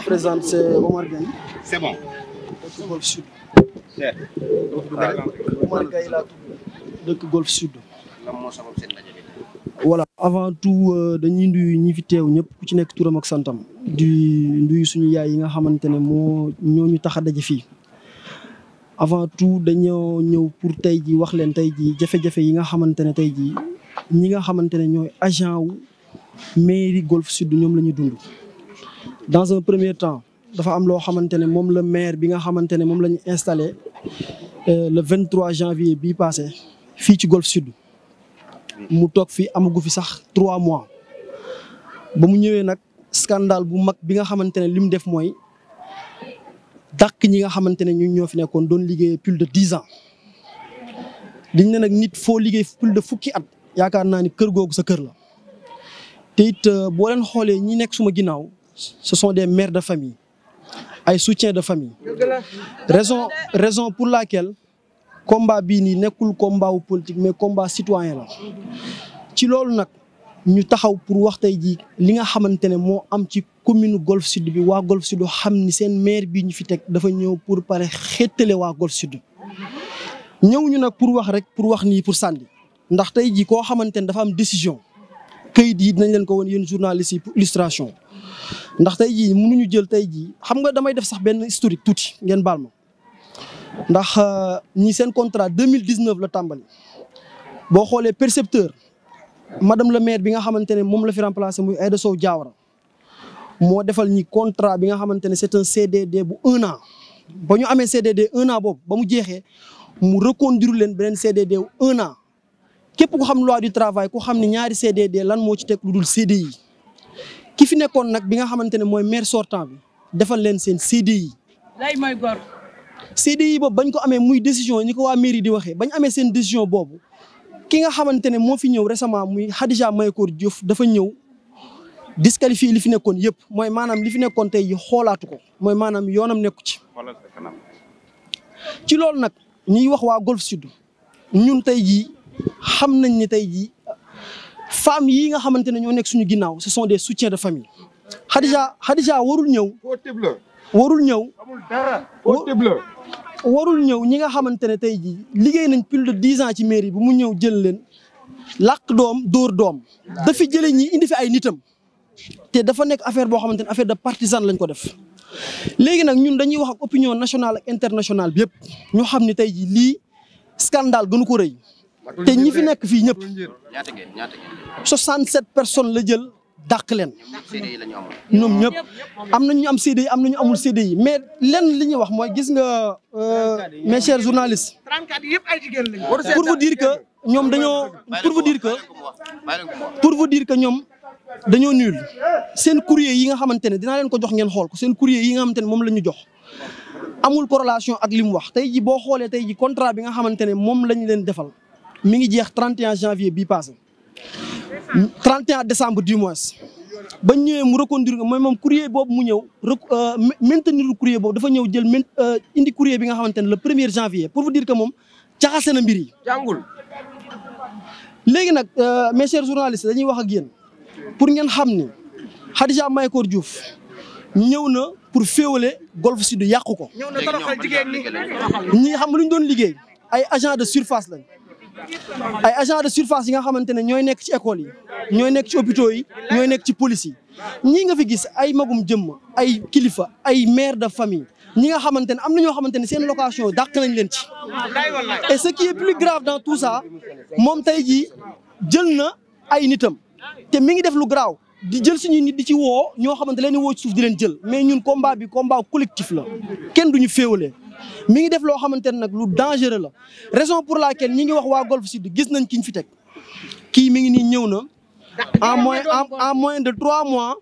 me présente, euh, c'est Omar Gaye. C'est dëkk Golf Sud. Omar avant tout euh, dañuy nuyu ñi fi teew ñëpp ku ci nekk turam ak santam. di nuyu suñu yaay yi nga xamante ne moo ñoo ñu tax a daje fii. avant tout dañoo ñëw pour tey ji wax leen tey ji jafe-jafe yi nga xamante ne tey jii ñi nga xamante ne ñooy agent wu mairie Golf Sud ñoom la dund. dans un premier temps dafa am loo xamante ne moom la maire bi nga xamante ne moom la ñu installé euh, le 23 janvier bii passé fii ci Golf Sud mu toog fii amagu fi sax trois mois ba mu ñëwee nag scandale bu mag bi nga xamante ne li mu def mooy dàq ñi nga xamante ne ñun ñoo fi nekkoon doon liggéey plus de dix ans diñ ne nag nit foo liggéey plus de fukki at yaakaar naa ni kër googu sa kër la te it euh, boo leen xoolee ñi nekk suma ginnaaw ce sont des maire de famille ay soutien de famille raison raison pour laquelle combat bii nii nekkul combat wu mais combat citoyen la ci loolu nag ñu taxaw pour wax tey jii li nga xamante ne moo am ci commune Golf Sud bi waa Golf Sud xam ni seen maire bi ñu fi teg dafa ñëw pour pare xettale waa Golf Sud ñëw ñu nag pour wax rek pour wax nii pour sànni ndax tey jii koo xamante ne dafa am décision këyit yi dinañ leen ko woon yéen journaliste yi pour illustration ndax tey jii ñu jël tey jii xam nga damay def sax benn historique tuuti ngeen baal ma ndax euh, ñi seen contrat 2019 la tàmbali boo xoolee percepteur madame le maire bi nga xamante ne moom la fi remplacé muy Aïda Sow Diawara moo defal ñi contrat bi nga xamante ne c'est un CDD bu un an ba ñu amee CDD un an boobu ba mu jeexee mu reconduire leen beneen CDD wu un an képp ku xam loi du travail ku xam ne ñaari CDD lan moo ci teg lu dul CDI ki fi nekkoon nag bi nga xamante ne mooy maire sortant bi defal leen seen CDI. lay mooy gor. CDI boobu bañ ko amee muy décision ni ko waa mairie di waxee bañ amee seen décision boobu ki nga xamante ne moo fi ñëw récemment muy Khadija Mahécor Diouf dafa ñëw disqualifié li fi nekkoon yëpp mooy maanaam li fi nekkoon tey yi xoolaatu ko mooy maanaam yoonam nekku ci. ci loolu nag ñuy wax waa Golf xam nañ ne tey jii femmes yii nga xamante ne ñoo nekk suñu ginnaaw ce sont des soutiens de famille Khadija Khadija warul ñëw. warul ñëw. warul ñëw ñi nga xamante ne tey jii liggéey nañ plus de dix ans ci mairie bi mu ñëw jël leen làq doom dóor doom. dafa jëlee ñi indi fi ay nitam te dafa nekk affaire boo xamante ne affaire de partisan lañ ko def. léegi nag ñun dañuy wax ak opinion nationale ak bi yëpp ñu xam ne tey jii lii scandale gënu ko rey te ñi fi nekk fii ñëpp 67 personnes la jël dàq leen ñoom ñëpp am na ñu am CDI am na ñu amul CDI mais lenn li ñuy wax mooy gis nga euh, mes chers journalistes pour vous dire que ñoom dañoo pour vous dire que pour vous dire ñoom dañoo nul seen courrier yi nga xamante ne dinaa leen ko jox ngeen xool ko seen courrier yi nga xamante ne moom la ñu jox amul corrélation ak li mu wax tey ji boo xoolee tey ji contrat bi nga xamante ne moom lañ leen defal mi ngi jeex 31 janvier bii passé 31 décembre du mois ba ñëwee mu reconduire ko mooy moom courrier boobu mu ñëw rek euh, maintenir courrier boobu dafa ñëw jël maint euh, indi courrier bi nga xamante ne le premier janvier pour vous dire que moom caxase na mbir yi. jàngul. léegi nag euh, mes chers journalistes dañuy wax ak yéen pour ngeen xam ni Khadija Mahécor Diouf ñëw na pour féewale Golf Sud yàqu ko. ñëw na toroxal xam lu ñu doon liggéey ay agents de surface lañ. ay agents de surface yi nga xamante ne ñooy nekk ci école yi ñooy nekk ci hôpitaux yi ñooy nekk ci police yi ñii nga fi gis ay magum jëmm ay kilifa ay mère de famille ñi nga xamante ne am na ñoo xamante ne seen location dàq nañ leen ci. et ce qui est plus grave dans tout ça moom tey jii jël na ay nitam te mi ngi def lu graaw di jël suñuy nit di ci woo ñoo xamante leen di woo ci suuf di leen jël mais ñun combat bi combat collectif la kenn duñu féewale mi ngi def loo xamante ne nag lu dangereux la raison pour la laquelle ñi ngi wax waa Golf Sud gis nañ ki kiñ fi teg kii mi ngi nii ñëw na en moins en moins de trois mois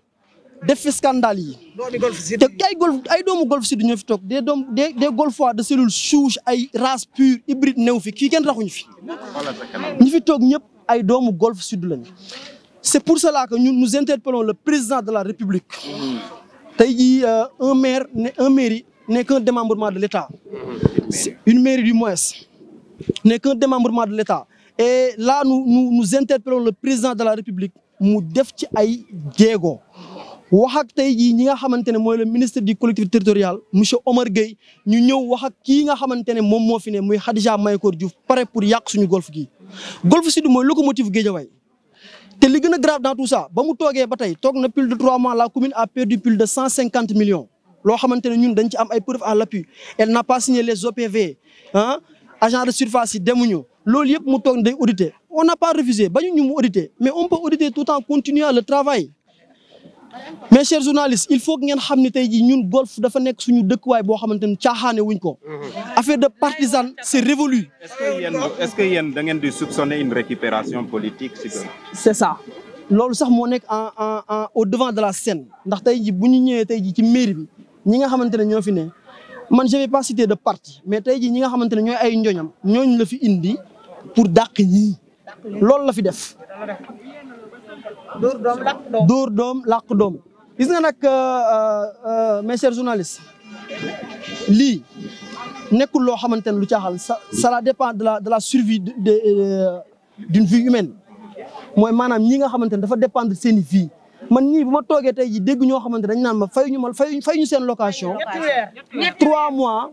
def fi yi te ay golf ay doomu Golf Sud ñoo fi toog des doom des des golfois de cellules souches ay race pure hybride néew fi kii kenn raxuñu fi ñi fi toog ñëpp ay doomu Golf Sud lañu c'est pour cela que ñun nous interpellons le président de la République mm-hmm. tey jii euh, un maire ne un mairie n'est qu'un démembrement de l'État. Mmh. Une maire du moins n'est qu'un démembrement de l'État. Et là, nous, nous, nous le président de la République mu def ci ay jéego wax ak tey jii ñi nga xamante ne mooy le ministre du collectivité territoriale monsieur Omar Gueye ñu ñëw wax ak kii nga xamante ne moom moo fi ne muy Khadija Mahécor Diouf pare pour yàq suñu golf gi. golf sud mooy locomotive Guédiawaye te li gën a grave dans tout ba mu toogee ba toog na plus de trois mois la commune a perdu plus de cent loo xamante ne ñun dañ ci am ay preuves à l'appui elle n'a pas signé les OPV ah agent de surface yi demuñu loolu yëpp mu toog day auditer on n'a pas refusé bañu ñu mu auditer mais on peut auditer tout en continuant le travail mes chers journalistes il faut que ngeen xam ni tey jii ñun golf dafa nekk suñu dëkkuwaay boo xamante ni caaxaane wuñ ko. affaire de partisan c'est révolu. est-ce que yéen est-ce que da ngeen di soupçonner une récupération politique si. c'est ça loolu sax moo nekk en en en au devant de la scène ndax tey jii bu ñu ñëwee tey jii ci mairie bi. ñi nga xamante ne ñoo fi ne man je vais de parti mais tey jii ñi nga xamante ne ñooy ay njoñam ñooñu la fi indi pour dàq ñii loolu la fi def. door doom làq doom dóor gis nga nag euh, euh, mes chers journalistes lii nekkul loo xamante ne lu caaxaan ça ça dépend de la de la survie de euh, d'une vie humaine mooy maanaam ñi nga xamante ne dafa dépendre seen i man ñii bu ma toogee tey ji dégg ñoo xamante dañ naan ma fay ñu ma fay fay ñu seen location trois mois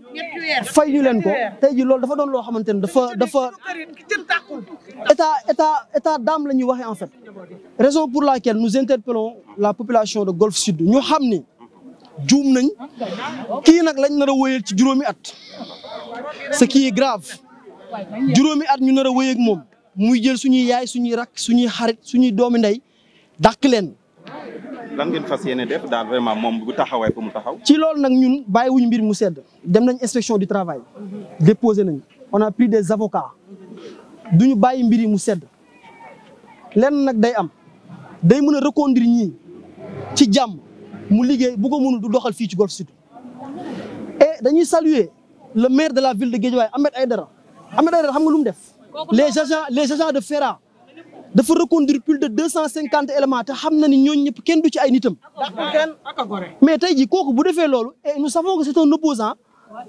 fay ñu leen ko tey ji loolu dafa doon loo xamante ne dafa dafa état état état d'âme la ñuy waxee en fait raison pour laquelle nous interpellons la population de Golf Sud ñoo xam ni juum nañ kii nag lañ nar a wëyal ci juróomi at ce qui est grave juróomi at ñu nar a wëy moom muy jël suñuy yaay suñuy rak suñuy xarit suñuy doomi ndey dàq leen lan ngeen fas yéene def daal vraiment moom bu taxawee fu mu taxaw. ci loolu nag ñun bàyyiwuñu mbir mu sedd dem nañ inspection du travail déposé nañ on a pris des avocats duñu bàyyi mbir yi mu sedd lenn nag day am day mën a reconduire ñi ci jàmm mu liggéey bu ko mënul du doxal fii ci Golf Sud. et dañuy saluer le maire de la ville de Guédiawaye Ahmed Aïdara Ahmed Aïdara xam nga lu mu def. les agents les agents de Fera. dafa reconduire plus de deux cent cinquante éléments te xam na ni ñooñu ñëpp kenn du ci ay nitam. mais tey jii kooku bu defee loolu et nous savons que c'est un opposant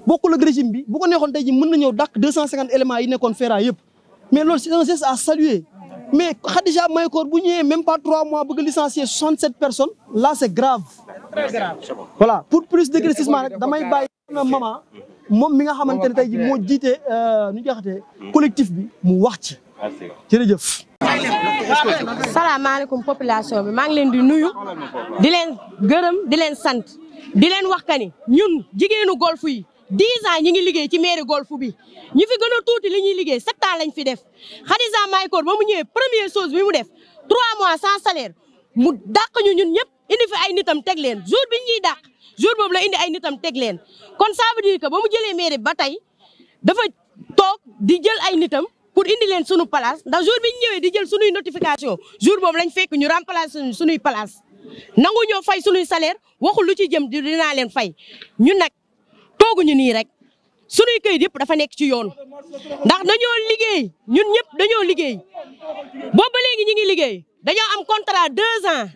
bokkul ak bi bu ko neexoon tey ji mën na ñëw dàq deux cent cinquante éléments yi nekkoon FERA yëpp mais loolu c'est un geste à saluer mais Khadija Mahécor bu ñëwee même pas trois mois bëgg licencier soixante sept personnes là c'est grave. très grave voilà pour plus d'éclaircissement rek damay bàyyi na maman moom mi nga xamante ne tey jii moo jiite euh, nu ñu koy waxatee bi mu wax ci jërëjëf. salaamaaleykum population bi maa ngi leen di nuyu di leen gërëm di leen sant di leen wax ka ni ñun jigéenu golf yi dix ans ñi ngi liggéey ci mairie golf bi ñu fi gën a tuuti li ñuy liggéey sept ans lañ fi def Khadija Mahécor ba mu ñëwee première chose bi mu def trois mois sans salaire mu dàq ñu ñun ñëpp indi fi ay nitam teg leen jour bi ñuy dàq jour boobu la indi ay nitam teg leen kon ça veut dire ba mu jëlee mairie ba tey dafa toog di jël ay nitam pour indi leen sunu place ndax jour bi ñu ñëwee di jël sunuy notification jour moom lañ fekk ñu remplacer sunuy place nangu ñoo fay sunuy salaire waxul lu ci jëm naa leen fay ñun nag tooguñu nii rek sunuy këyit yëpp dafa nekk ci yoon ndax dañoo liggéey ñun ñëpp dañoo liggéey boobu ba léegi ñu ngi liggéey dañoo am contrat deux ans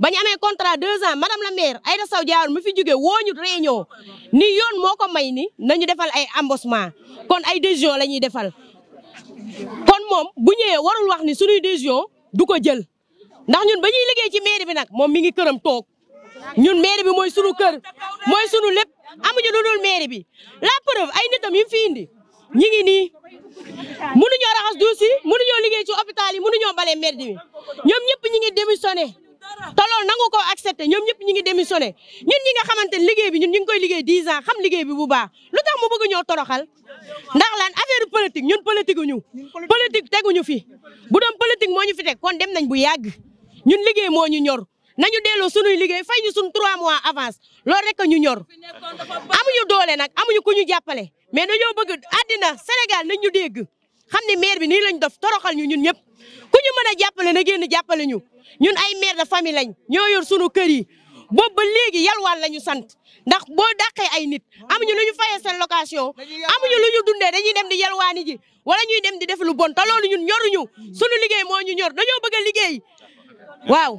ba ñu amee contrat deux ans madame la maire Aïda Sow Diawara mu fi jógee woo ñu réunion ni yoon moo ko may ni nañu defal ay embauchement kon ay décision la ñuy defal kon moom bu ñëwee warul wax ni suñuy décision du ko jël ndax ñun ba ñuy liggéey ci mairie bi nag moom mi ngi këram toog ñun mairie bi mooy sunu kër mooy sunu lépp amuñu lu dul mairie bi la preuve ay nitam yu fi indi ñi ngi nii mënuñoo raxas duus yi mënuñoo liggéey ci hôpital yi mënuñoo bale mairie bi ñoom ñëpp ñi ngi démissionné te loolu nangu koo accepté ñoom ñëpp ñi ngi démissionné ñun ñi nga xamante ne liggéey bi ñun ñu ngi koy liggéey 10 ans xam liggéey bi bu baax lu tax mu bëgg ñoo toroxal ndax lan affaire politique ñun politique ñu politique teguñu fi bu doon politique moo ñu fi teg kon dem nañ bu yàgg ñun liggéey moo ñu ñor nañu delloo sunuy liggéey fay ñu sun 3 mois avance loolu rek ñu ñor amuñu doole nag amuñu ku ñu jàppale mais dañoo bëgg àddina Sénégal nañ ñu dégg xam ne maire bi nii lañ def toroxal ñu ñun ñëpp ku ñu mën jàppale na génn jàppale ñu ñun ay mère de famille lañ ñoo yor sunu kër yi boobu ba léegi yalwaan la ñu sant ndax boo dàqee ay nit amuñu lu ñu fayee seen location amuñu lu ñu dundee dañuy dem di yalwaani ji wala ñuy dem di def lu bon te loolu ñun ñoruñu sunu liggéey moo ñu ñor dañoo bëgg a liggéey waaw.